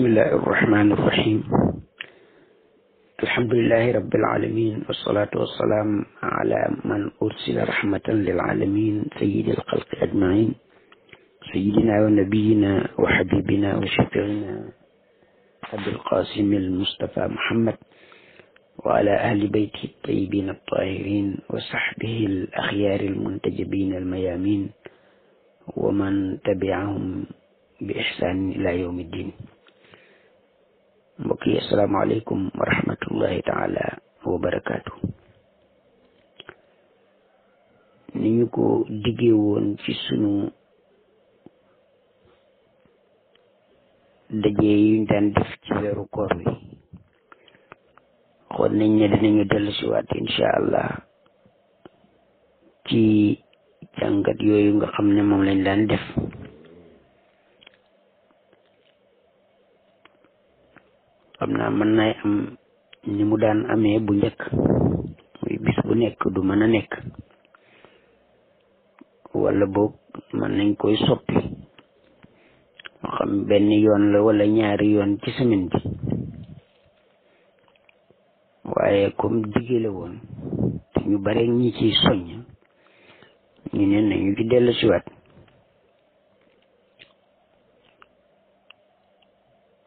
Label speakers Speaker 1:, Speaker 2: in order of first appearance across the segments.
Speaker 1: bismillahi arrahmani irrahim alhamdulilahi rabilalamin wassalatu wassalaam ala man ursila rahmatan lilalamin sayidi alxalqi ajmain sayidina wa nabiyina wa habibina wa shafiina abilqasimi almustafa muhammad wa ala ahli beyti altayibin altahirin wa sahbihi alaxyaari almuntajabin almayamin wa man tabiahum bi ixsaanin ila yawmi ddin mbokk yi asalaamaaleykum wa rahmatullahi taala wa ni ñu ko diggee woon ci sunu daje yuñ daan def ci weeru koor wi xool nañ ne si waat incha allah ci jàngat yooyu nga xam ne moom lañ daan def xam naa mën nay am ni mu daan amee bu njëkk muy bis bu nekk du mën a nekk wala boog man nañ koy soppi moo xam benn yoon la walla ñaari yoon ci semaine bi waaye comme diggale woon te ñu bare ñi ciy soññ ñu ne nañu ci dellu siwaat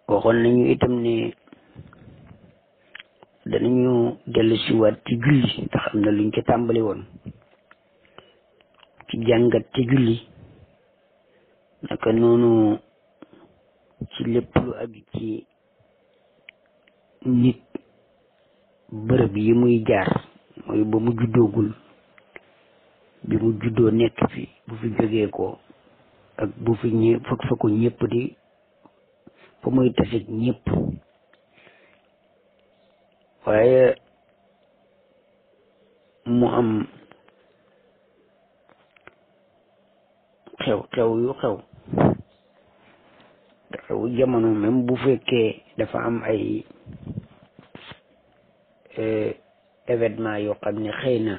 Speaker 1: waxoon nañu itam ne danañu dellu si waat ci julli ndax am na luñ ca tàmbali woon ci jàngat ci julli naka noonu ci lépp lu aju ci nit bërëb yi muy jaar mooy ba mu juddoogul bi mu juddoo nekk fi bu fi jógee ko ak bu fi ñë fëg fa ko ñëpp di fa muy tasit ñëpp waaye mu am xew xew yu xew xew jamono même bu fekkee dafa am ay eh, événement yoo xam ne xëy na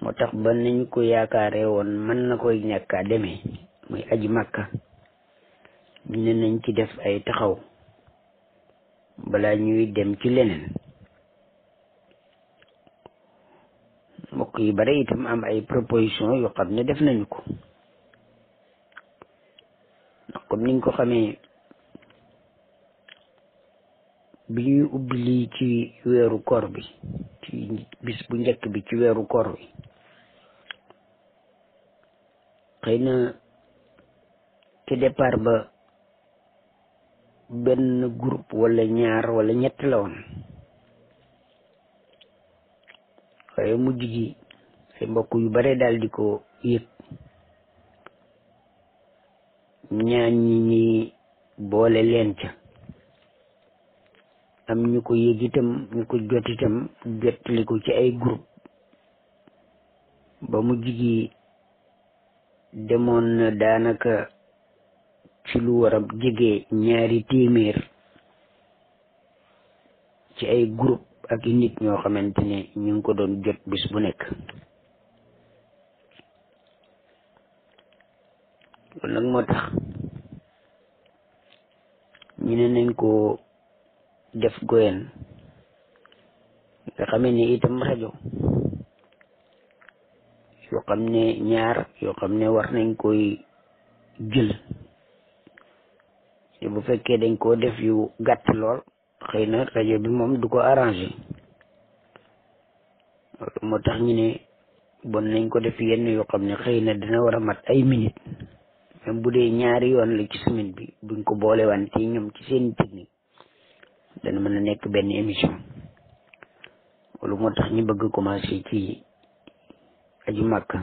Speaker 1: moo tax ba nañ ko yaakaare woon mën na koy ñàkka demee muy aj màkka ne nañ ci def ay taxaw balaa ñuy dem ci leneen mbokk yi bare itam am ay proposition yu xam ne def nañu ko ndax comme niñ ko xamee bi ñuy lii ci weeru koor bi ci bis bu bi ci weeru koor bi xëy na ci départ ba benn groupe wala ñaar wala ñett la woon waaye mujj gi ay mbokk yu bare daal di ko yëg ñaan ñi ñi boole leen ca am ñu ko yëg itam ñu ko jot itam jottali ko ci ay groupe ba mujj gi demoon na daanaka ci lu war a jege ñaari téeméer ci ay groupe ak i ñoo xamante ne ñu ko doon jot bis bu nekk loolu nag moo tax ñu ne nañ ko def goyen nga xamee ne itam rajo yoo xam ne ñaar yoo xam ne war nañ koy jël bu fekkee dañ koo def yu gàtt lool xëy na rajo bi moom du ko arrangé loolu moo tax ñu ne bon nañ ko def yenn yoo xam ne xëy na dina war a mat ay minute même bu dee ñaari yoon la ci semaine bi buñ ko boole wante ñoom ci seen technique dana mën a nekk benn émission loolu moo tax ñu bëgg commencé ci aju màkk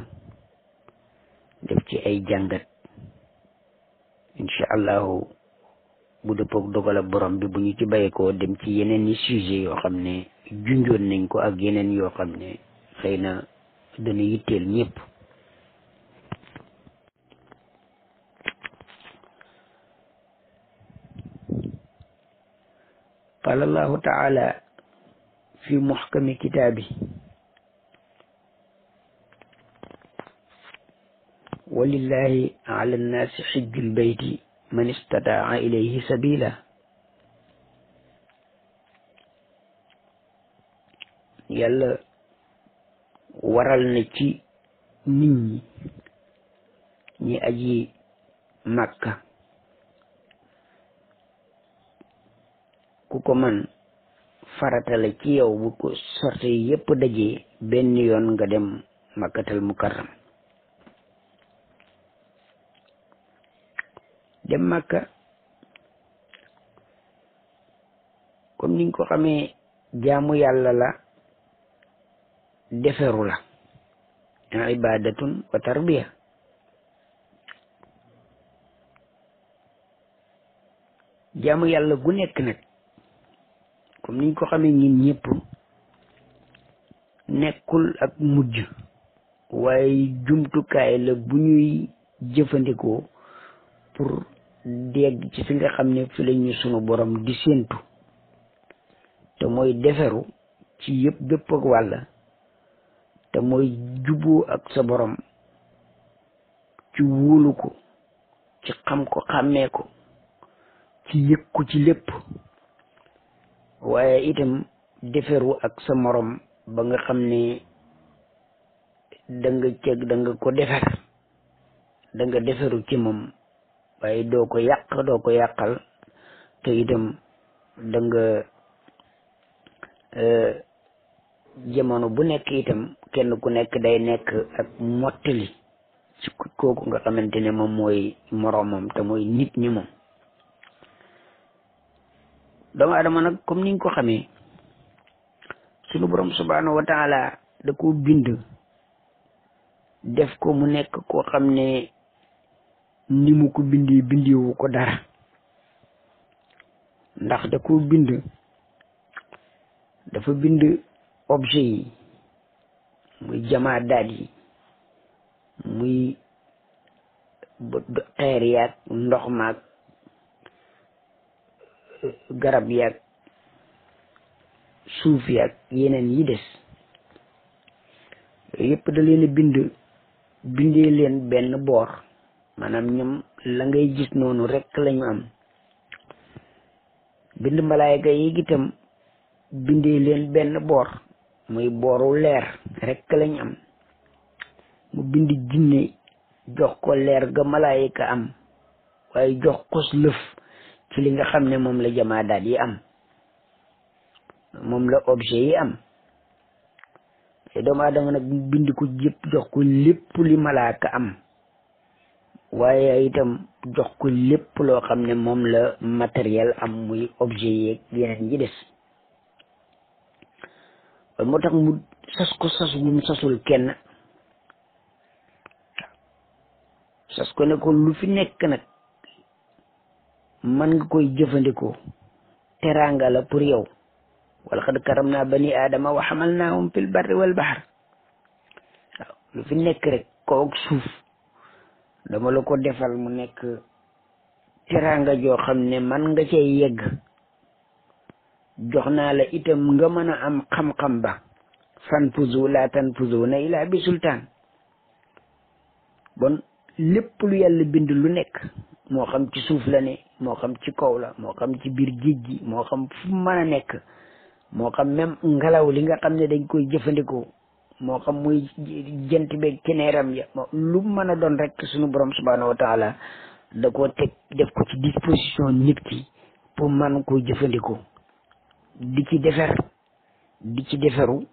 Speaker 1: def ci ay jàngat incha allahu bu dëppoog dogalab borom bi bu ñu ci bàyyikoo dem ci yeneen i sujet yoo xam ne junjoon nañ ko ak yeneen yoo xam ne xëy na dana yitteel ñëpp qaala allahu taala fi muxkami kitaabi walillahi ala annaasi xijjul bayti man istataa ilayhi sabila yàlla waral na ci nit ñi ñi aji màkka ku ko man faratale ci yow bu ko sorte yépp dajee benn yoon nga dem makkatal mukarram dem màkka comme niñ ko xamee jaamu yàlla la deferu la ibadatun wa tarbiya jaamu yàlla gu nekk nag comme niñ ko xamee ñun ñëpp nekkul ak mujj waaye jumtukaay la bu ñuy jëfandikoo pour dégg ci fi nga xam ne fi la ñu sunu borom di séentu te mooy deferu ci yëpp bépp ak wàll te mooy juboo ak sa borom ci wóolu ko ci xam ko xàmmee ko ci yëg ko ci lépp waaye itam deferu ak sa morom ba nga xam ni da nga ceeg ko defer da nga deferu ci moom waaye doo ko yàq doo ko yàqal te itam da nga euh, bu nekk itam kenn ku nekk day nekk ak mottali ci kooku nga xamante ne moom mooy moroomam te mooy nit ñi moom doomu adama nag comme niñ ko xamee sunu borom subhanahu wa da koo bind def ko mu nekk koo xam ne ni mu ko bindee bindeewu ko dara ndax da ko bind dafa bind objet yi muy jamaa daal yi muy xeer yaag ndox maag garab yaag suuf yaag yeneen yi des yooyu da leen a bind bindee leen benn boor maanaam ñoom la ngay gis noonu rekk lañu am bind malaayka yi itam bindee leen benn boor muy booru leer rek lañu am mu bind jinne jox ko leer ga malaayka am waaye jox kos lëf ci li nga xam ne moom la jamaadaat yi am moom la objet yi am te doomu aadama nag bind ko jox ko lépp li malaaka am waaye itam jox ko lépp loo xam ne moom la matériel am muy objet yeeg yeneen yi des loolu moo tax mu sas ko sas gum sasul kenn sas ko ne lu fi nekk nag man nga koy jëfandikoo teraangala la yow wala xad karam naa bani aadama wa xamal naahum fil barri wal bahar lu fi nekk rek koog suuf dama la ko defal mu nekk teraanga joo xam ne man nga cee yegg jox naa la itam nga mën a am xam-xam ba fan puzu la tan puzu na ilaa bi sultaan bon lépp lu yàlla bind lu nekk moo xam ci suuf la ne moo xam ci kaw la moo xam ci biir géej gi moo xam fu mën nekk moo xam même ngelaw li nga xam ne dañ koy jëfandikoo moo xam muy jant be teneeram ya lu mën a doon rek suñu borom subhaanahu wa taala da koo teg def ko ci disposition nit ki pour man ko jëfandikoo di ci defer di ci deferu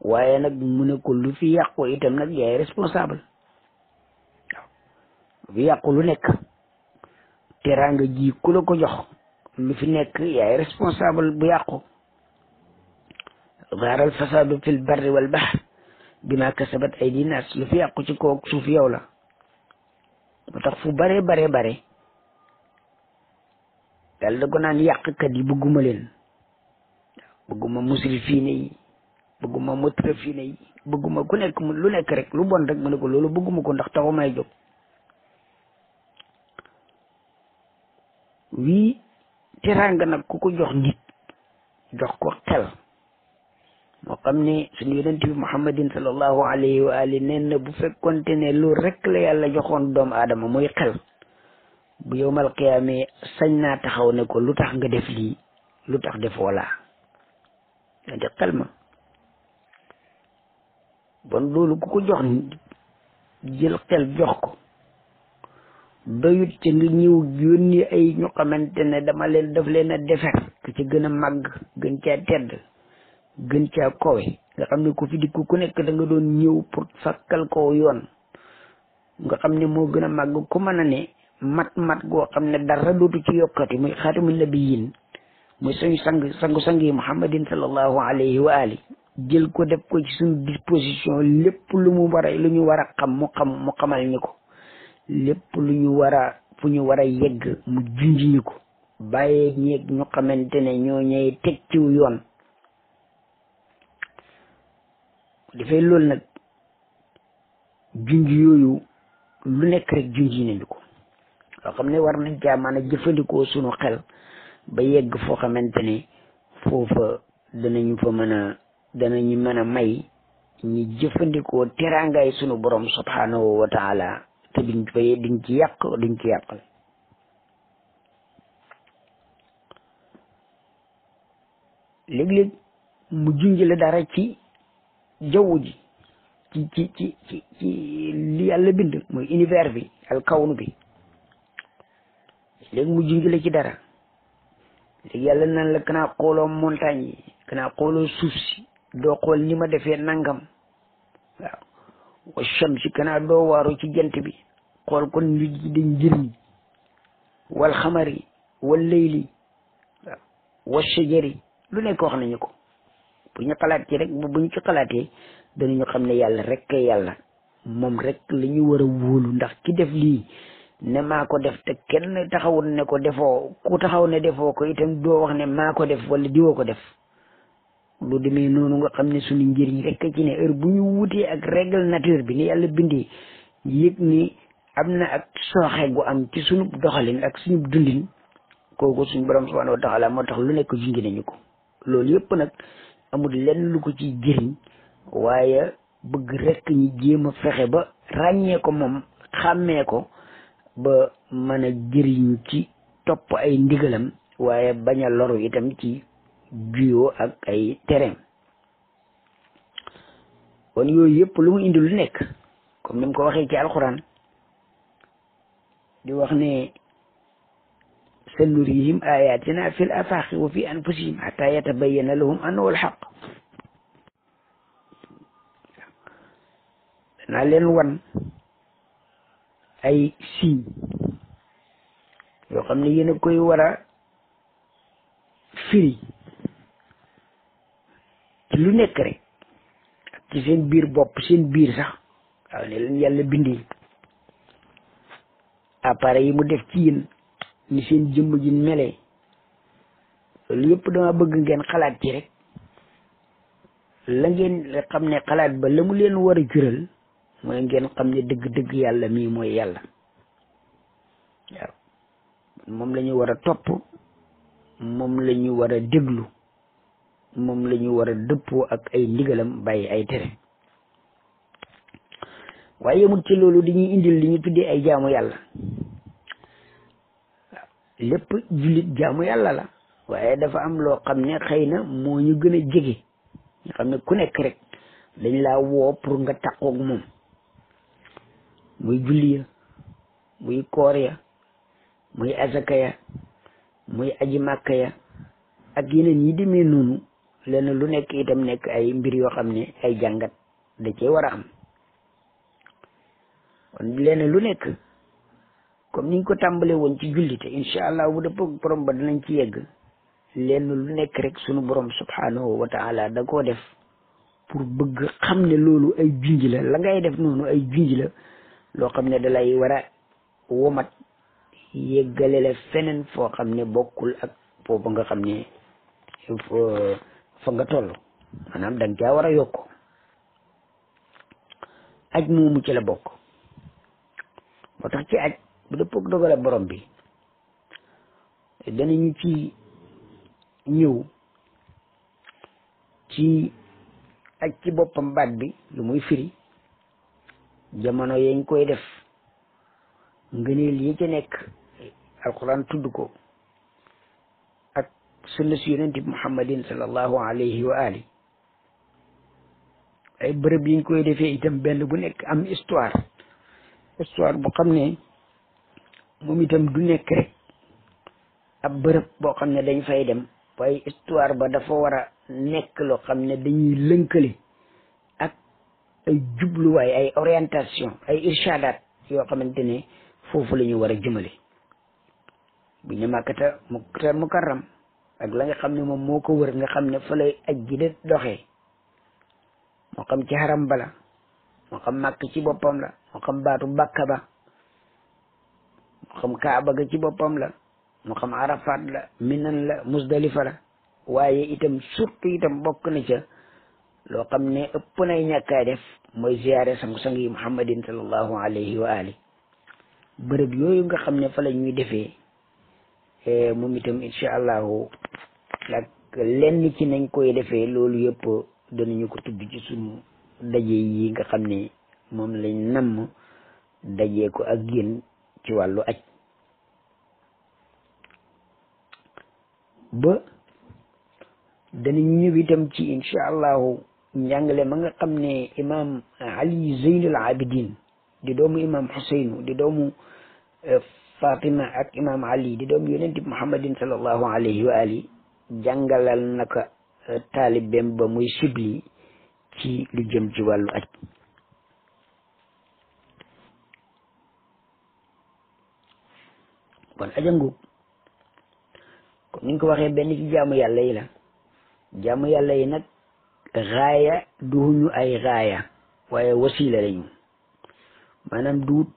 Speaker 1: waaye nag mu ne lu fi yàqu itam nag yaay responsable yàqu lu nekk teraanga ji ku la ko jox lu fi nekk yaay responsable bu yàqu gaaral fasaadu fil barri wal bi ma kasabat ay di naas lu fi yàqu ci kaw suuf yow la moo tax fu bare bare bare yàlla da ko naan yàqkat yi bëgguma leen bëgguma musrifiine yi bëgguma mutrafiine yi bëgguma ku nekk lu nekk rek lu bon rek mu ne ko loolu bëgguma ko ndax taxu may jóg wii teraanga nag ku ko jox nit jox ko xel moo xam ni suñu yonent bi muhammadin sallallahu alayhi wa ali neen na bu fekkonte ne lu rekk la yàlla joxoon doomu aadama muy xel bu yowmal qiyaamee sañ naa taxaw ne ko lu tax nga def lii lu tax def wala yonte xel ma bon loolu ku ko jox jël xel jox ko doyut ca nga ñëw yónni ay ñu xamante ne dama leen def leen a defer ku ci gën a màgg gën caa tedd gën ca kowe nga xam ne ko fi dikk ku nekk da nga doon ñëw pour sàkkal ko yoon nga xam ne moo gën a màgg ko mën a ne mat-mat goo xam ne dara dootu ci yokkati muy xaatimul nabiyin muy suñu sang sangu sang yi muhammadin sallallahu alayhi wa ali jël ko def ko ci suñu disposition lépp lu mu war a ñu war a xam mu xam mu xamal ñu ko lépp lu ñu war a fu ñu war a yegg mu junj ñu ko bàyyeeg ñeeg ñu xamante ne ñoo ñëw teg ciw yoon dafay loolu nag junj yooyu lu nekk rek junj yi nañu ko loo xam ne war nañ caa a jëfandikoo sunu xel ba yegg foo xamante ne foofa danañu fa mën a danañu mën a may ñu jëfandikoo teraangaay sunu borom subhanahu wa taala te duñ fa duñ ci yàq duñ ci yàqal léeg-léeg mu junj la dara ci jaww ji ci ci ci ci ci li yàlla bind mooy univers bi al kawnu bi léegi mu jingile ci dara léegi yàlla nan la kanaa xooloo montagne yi kanaa xooloo suuf si doo xool ni ma defee nangam waaw wa shamsi kanaa doo waaru ci jant bi xool kon nit ñi dañ njëriñ wal xamari wal layli waaw wa shajari lu nekk wax nañu ko bu ñu xalaat ci rek bu ñu ci xalaatee danañu xam ne yàlla rek yàlla moom rek la ñu war a wóolu ndax ki def lii ne maa ko def te kenn taxawul ne ko defoo ku taxaw ne defoo ko itam doo wax ne maa ko def wala diwoo ko def lu demee noonu nga xam ne suñu njëriñ rek ci ne heure bu ñu wutee ak règle nature bi ni yàlla bindee yëg ni am na ak sooxe gu am ci suñu doxalin ak suñu dundin kooku suñu borom subhanahu wa taala moo tax lu nekk jungi nañu ko loolu amul lenn lu ko ciy jëriñ waaye bëgg rekk ñu jéem fexe ba ràññee ko moom xàmmee ko ba mën a jëriñu ci topp ay ndigalam waaye bañ a loru itam ci juyoo ak ay terrain kon yooyu yëpp lu mu indi lu nekk comme ni mu ko waxee ci alxuraan di wax ne سنريهم آياتنا في الآفاق وفي أنفسهم حتى يتبين لهم أنه الحق naa leen wan ay signe yoo xam ne yéen koy war a firi ci lu nekk ci seen biir bopp seen biir sax waaw ne leen yàlla bindee appareil yi mu def ci ni seen jëmm ji mele loolu yëpp dama bëgg ngeen xalaat ci rek la ngeen xam ne xalaat ba la mu leen war a jural mooy ngeen xam ne dëgg-dëgg yàlla mii mooy yàlla moom la ñu war a topp moom la ñu war a déglu moom la ñu war a dëppoo ak ay ndigalam bàyyi ay tere waaye yemut ci loolu dañuy indil li ñu tuddee ay jaamu yàlla lépp jullit jaamu yàlla la waaye dafa am loo xam ne xëy na moo ñu gën a jege nga xam ne ku nekk rek dañ la woo pour nga taqoog moom muy julli ya muy koor ya muy azaka ya muy aji màkka ya ak yeneen yi demee noonu lenn lu nekk itam nekk ay mbir yoo xam ne ay jàngat da cee war a am kon lu nekk comme niñ ko tàmbalee woon ci jullite incha allah bu dëppoo borom ba dinañ ci yegg lenn lu nekk rek sunu borom subhanahu wa taala da koo def pour bëgg xam ne loolu ay junj la la ngay def noonu ay junj la loo xam ne dalay war a womat yeggale la feneen foo xam ne bokkul ak foofu nga xam ne euh, fa nga toll maanaam da nga caa war a yokk aj moomu ci la bokk moo tax aj bu dëppook dogale borom bi danañu ci ñëw ci aj ci boppam baat bi lu muy firi jamono yañ koy def ngëneel yi ci nekk alquran tudd ko ak sunna si yonent bi muhammadin sallallahu alayhi wa ali ay bërëb yiñ koy defee itam benn bu nekk am histoire histoire bu xam ne moom itam du nekk rek ab bërëb boo xam ne dañ fay dem waaye histoire ba dafa war a nekk loo xam ne dañuy lënkale ak ay jubluwaay ay orientation ay irshadaat yoo xamante ne foofu lañuy ñu war a jëmale bu ñu màkkata muktar mukarram ak la nga xam ne moom moo ko wër nga xam ne fa lay aj gi doxee moo xam ci xaram bala moo xam màkk ci boppam la moo xam baatu bàkka ba xam kaaba ga ci boppam la mu xam arafat la minan la musdalifa la waaye itam surtout itam bokk na ca loo xam ne ëpp nay ñàkkaay def mooy ziyaare sam sang yi muhammadin sallallahu alayhi wa ali bërëb yooyu nga xam ne fa la ñuy defee e, moom itam incha allahu nag lenn ci nañ koy defee loolu yëpp danañu ko tudd ci sunu daje yi nga xam ne moom lañ namm dajee ko ak yéen ci wàllu aj ba danañ ñëw itam ci incha allahu njàngale ma nga xam ne imaam ali zeynul abidin di doomu imaam xuseynu di doomu eh, fatima ak imaam ali di doomu yonent bi muhammadin sallallahu alayhi wa ali jàngalal naka eh, taalibeem ba muy sibli ci lu jëm ci wàllu aj ajangu kon ni ko waxee benn ci jaamu yàlla yi la jaamu yàlla yi nag raaya duñu ay raaya waaye wasiila lañu maanaam duut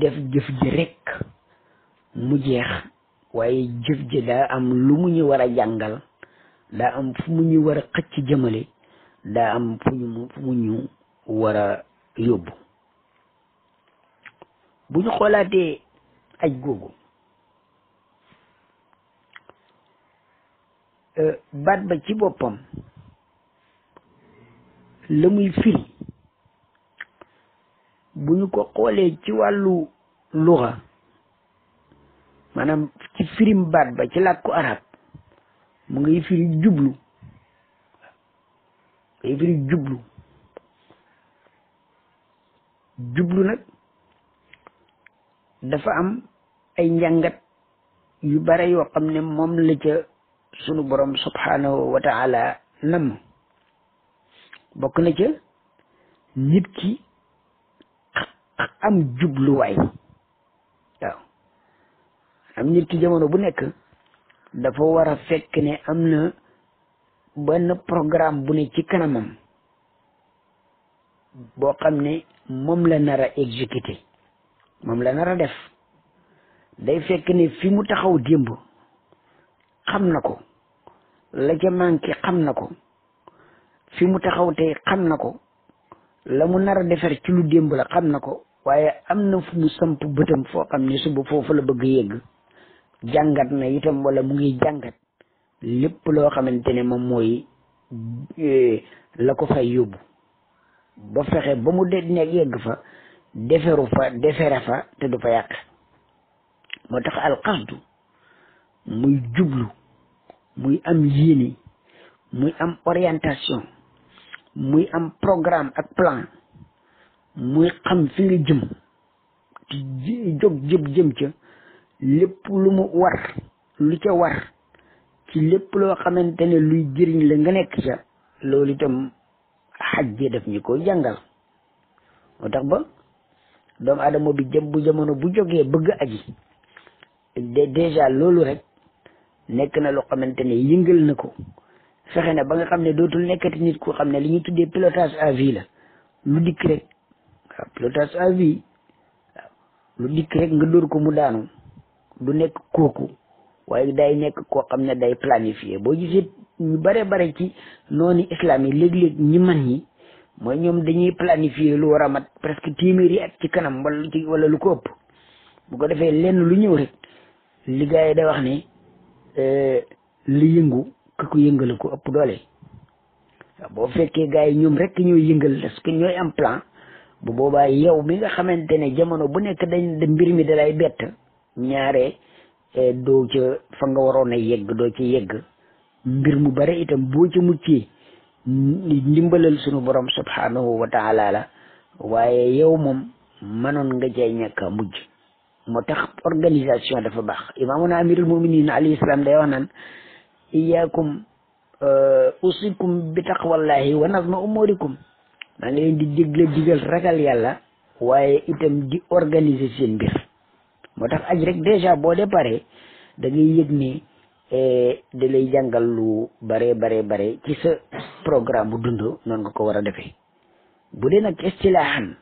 Speaker 1: def jëf ji rekk mu jeex waaye jëf ji daa am lu mu ñu war a jàngal daa am fu mu ñu war a xëcc jëmale daa am fu ñu fu mu ñu war a yóbbu bu ñu xoolaatee aj googu Euh, baat ba ci boppam la muy firi bu ñu ko xoolee ci wàllu luxa maanaam ci firim baat ba ci làkku arab mu ngay firi jublu ngay firi jublu jublu nag dafa am ay njàngat yu bare yoo ne moom la ca sunu borom subhanahu wa taala nam bokk na ca nit ki am jubluwaay waaw am nit ki jamono bu nekk dafa war a fekk ne am na benn programme bu ne ci kanamam boo xam ne moom la nar a exécuté moom la nar a def day fekk ne fi mu taxaw démb xam na ko la ca xam na ko fi mu taxaw tey xam na ko la mu nar a defar ci lu démb la xam na ko waaye am na fu mu samp bëtam foo xam ne suba foofu la bëgg yegg jàngat na itam walla mu ngi jàngat lépp loo xamante ne moom mooy e, la ko fay yóbbu ba fexe ba mu de nekk yegg fa deferu fa defere fa te du fa yàq moo tax alqasdu muy jublu muy am yéene muy am orientation muy am programme ak plan muy xam fi nga jëm te jëm jëm ca lépp lu mu war lu ca war ci lépp loo xamante ne luy jëriñ la nga nekk ca loolu itam xajje daf ñu ko jàngal moo tax ba doomu aadama bi jëm bu jamono bu jógee bëgg aji de déjà loolu rek nekk na loo xamante ne yëngal na ko fexe na ba nga xam ne dootul nekkati nit ku xam ne li ñuy tuddee pilotage à la lu dikk rek waaw pilotage à lu dikk rek nga dóor ko mu daanu du nekk kooku waaye day nekk koo xam ne day planifié boo gisee ñu bare bare ci noonu islam yi léeg-léeg ñi man ñi mooy ñoom dañuy planifié lu war a mat presque téeméeri at ci kanam wala ci wala lu ko ëpp bu ko defee lenn lu ñëw rek li gars wax ne Eh, li yëngu ku yëngala yëngale ko ëpp doole boo fekkee gars yi ñoom rek ñooy yëngal parce que ñooy am plan bu boobaa yow mi nga xamante ne jamono bu nekk dañ mbir mi dalay bett ñaare eh, doo ca fa nga waroon a yegg doo ca yegg mbir mu bare itam boo ca muccee ndimbalal sunu borom subhanahu wa taala la waaye yow moom mënoon nga cay ñàkk a mujj moo tax organisation dafa baax imaamuna amirul muminin alayhi salaam day wax naan iyaakum euh, usikum bi taqwallahi wa nazma umurikum maa ngi leen di digle digal ragal yàlla waaye itam di organise seen mbir moo tax aj rek déjà boo dee pare da ngay yëg ni eh, da lay jàngal lu bare bare bare ci sa programme bu dund noonu nga ko war a defee bu dee nag istilaahan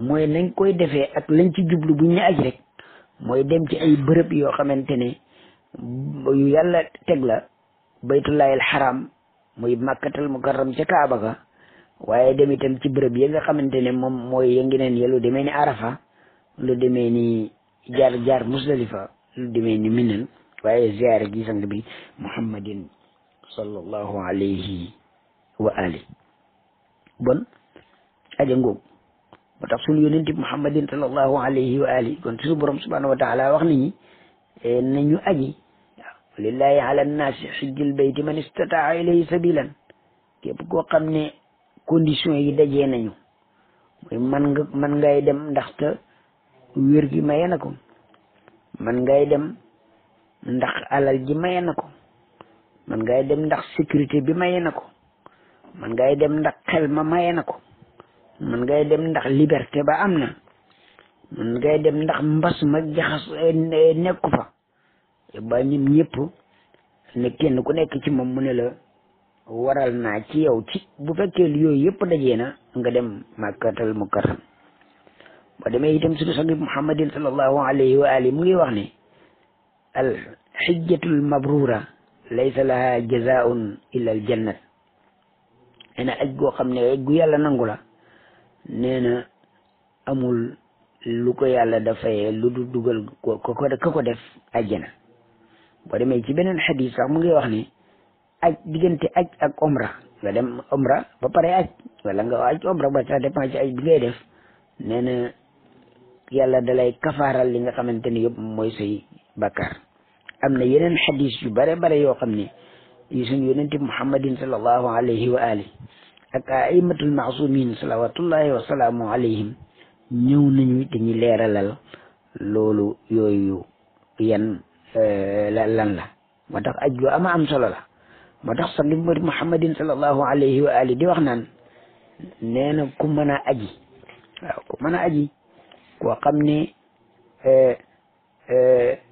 Speaker 1: mooy nañ koy defee ak lañ ci jublu buñ ne aj rek mooy dem ci ay bërëb yoo xamante ne yu yàlla teg la baytullaahil xaram muy màkkatal mukarram ca Kaaba ga waaye dem itam ci bërëb yi nga xamante ne moom mooy yëngi neen ya lu demee ni Arafa loo demee jaar jaar Musdalifa lu demee Minan waaye ziyaare gi sang bi Muhammadin sallallahu alayhi wa ali bon aja moo tax suñu yonent bi muhammadin sallallahu alayhi wa ali kon suñu borom subhanahu wa taala wax nit ñi eh, nañu aji waaw lillahi ala nnaasi xijjil bayti man istataa ilayhi sabilan képp koo xam ne condition yi dajee nañu man nga man ngay dem ndaxte wér gi maye na ko man ngay dem ndax alal ji maye na ko ngay dem ndax sécurité bi maye na ko man ngay dem ndax xel ma maye na ko mën ngay dem ndax liberté ba am na mën ngay dem ndax mbas ma jaxas eh, eh, nekku fa ba ñun ñëpp ne ku nekk ci moom mu ne la waral naa ci yow ci bu fekkee yooyu yëpp dajee na nga dem màkkatal mukarram ba demee itam suñu sang bi muhammadin sallallahu alayhi wa ali mu ngi wax ne al xijjatul mabrura laysa laha jazaun illa al jannat ena aj goo xam ne aj gu yàlla nangu la nee na amul lu ko yàlla dafayee lu du dugal ko ko ko def ajjana boo demee ci beneen xadis sax mu ngi wax ni aj diggante aj ak omra nga dem omra ba pare aj wala nga aj omra ba ça dépend ci aj bi ngay def nee na yàlla lay kafaaral li nga xamante ni yëpp mooy say bakkaar am na yeneen xadis yu bare bare yoo xam ni yi suñ yonente muhammadin sallallahu alayhi wa ali ak aimatul maasumin salawatullahi wa salaamu alayhim ñëw nañu dañuy leeralal loolu yooyu yan eh, lan la moo tax aj lu ama am solo la moo tax sang bi muhammadin sallallahu alayhi wa ali di wax naan nee na ku mën a aji ku mën a aji koo xam ne eh, eh,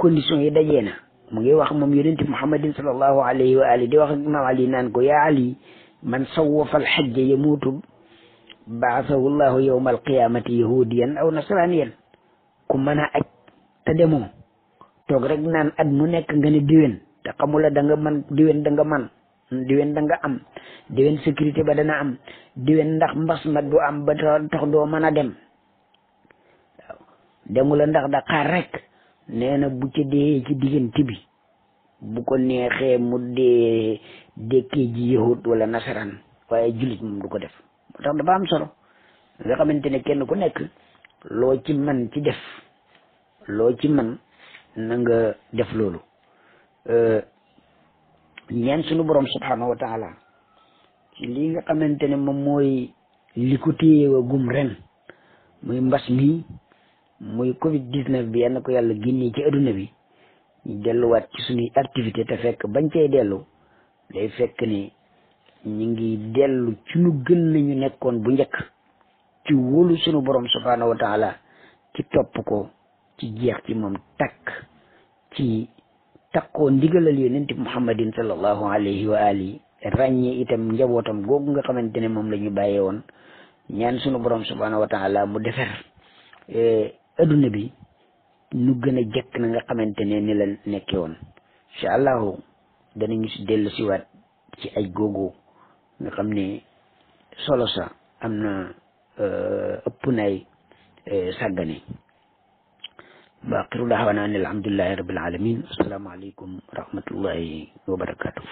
Speaker 1: condition yi dajee mu ngi wax moom yonente muhammadin sallallahu alayhi wa ali di wax imam ali naan ko yaa ali man sawwafa alxajja yamuutu baasahu llahu yowma alqiyamati yahudiyan aw nasraniyan ku mën a aj te demoo toog rek naan at mu nekk nga ne diwén te xamula da man diwén danga nga man diwén danga am diwén sécurité ba dana am diwén ndax mbas ma du am ba tax doo mën a dem demula ndax da xaar rek nee na bu ci dee ci bi bu ko neexee mu dee dekkee ji yahut wala nasaraan waaye jullit moom du ko def moo tax dafa am solo nga xamante ne kenn ku nekk loo ci man ci def loo ci man na def loolu ñaan sunu borom subhanahu wa taala ci nga xamante ne moom mooy li ko téye wa gum ren muy mbas mi muy covid 19 bi yal na ko yàlla génnee ci adduna bi ñu delluwaat ci suñuy activité te fekk bañ cay dellu day fekk ni ñu ngi dellu ci lu gën lañu nekkoon bu njëkk ci wóolu sunu borom subhaanahu wa taala ci topp ko ci jeex ci moom takk ci takkoo ndigalal yonent muhammadin sallallahu alayhi wa ali ràññee itam njabootam googu nga xamante ne moom lañu bàyyee woon ñaan sunu borom subhaanahu wa mu defer eh, adduna bi nu gën a jekk na nga xamante ne ni la nekkee woon incha allahu danañu si dellu siwaat ci ay googu nga xam ne solo sa am na euh, ëpp nay euh, sàggane baaqiru daawaana an alhamdulillahi rabbil alamin assalaamu aleykum wa wa barakatuh